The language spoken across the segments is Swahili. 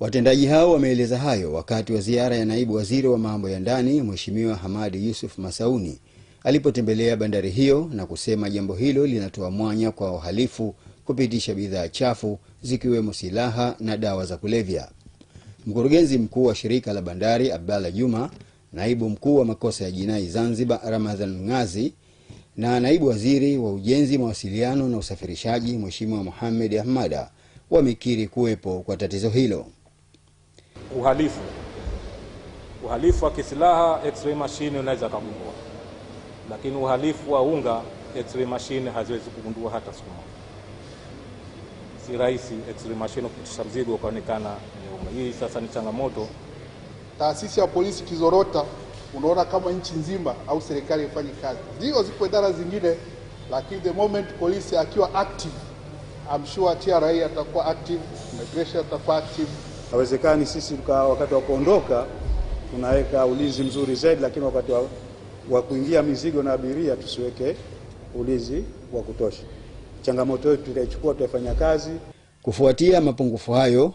Watendaji hao wameeleza hayo wakati wa ziara ya naibu waziri wa mambo ya ndani Mheshimiwa Hamadi Yusuf Masauni alipotembelea bandari hiyo na kusema jambo hilo linatoa mwanya kwa wahalifu kupitisha bidhaa chafu zikiwemo silaha na dawa za kulevya. Mkurugenzi mkuu wa shirika la bandari Abdalla Juma, naibu mkuu wa makosa ya jinai Zanzibar Ramadhan Ngazi na naibu waziri wa ujenzi, mawasiliano na usafirishaji Mheshimiwa Mohamed Ahmada wamekiri kuwepo kwa tatizo hilo uhalifu, uhalifu wa kisilaha x-ray machine unaweza kugundua, lakini uhalifu wa unga x-ray machine haziwezi kugundua hata siku moja. Si rahisi x-ray machine kupitisha mzigo ukaonekana ni Hii sasa ni changamoto. Taasisi ya polisi kizorota, unaona kama nchi nzima au serikali ifanye kazi. Ndio zipo idara zingine, lakini the moment polisi akiwa active I'm sure TRA atakuwa active, immigration atakuwa active Hawezekani sisi tuka wakati wa kuondoka tunaweka ulinzi mzuri zaidi, lakini wakati wa, wa kuingia mizigo na abiria tusiweke ulinzi wa kutosha. Changamoto yetu tutaichukua, tutafanya kazi. Kufuatia mapungufu hayo,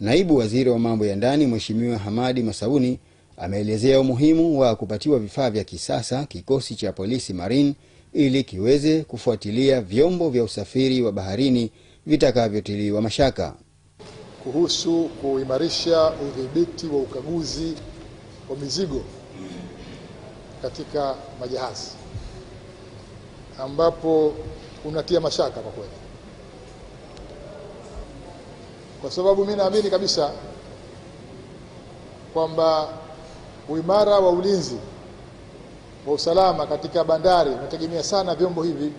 naibu waziri wa mambo ya ndani Mheshimiwa Hamadi Masauni ameelezea umuhimu wa kupatiwa vifaa vya kisasa kikosi cha polisi marine ili kiweze kufuatilia vyombo vya usafiri wa baharini vitakavyotiliwa mashaka kuhusu kuimarisha udhibiti wa ukaguzi wa mizigo katika majahazi ambapo unatia mashaka kwa kweli, kwa sababu mimi naamini kabisa kwamba uimara wa ulinzi wa usalama katika bandari unategemea sana vyombo hivi.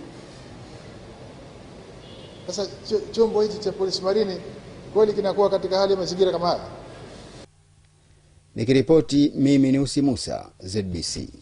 Sasa chombo hichi cha polisi marini kweli kinakuwa katika hali ya mazingira kama haya. Nikiripoti mimi ni Usi Musa, ZBC.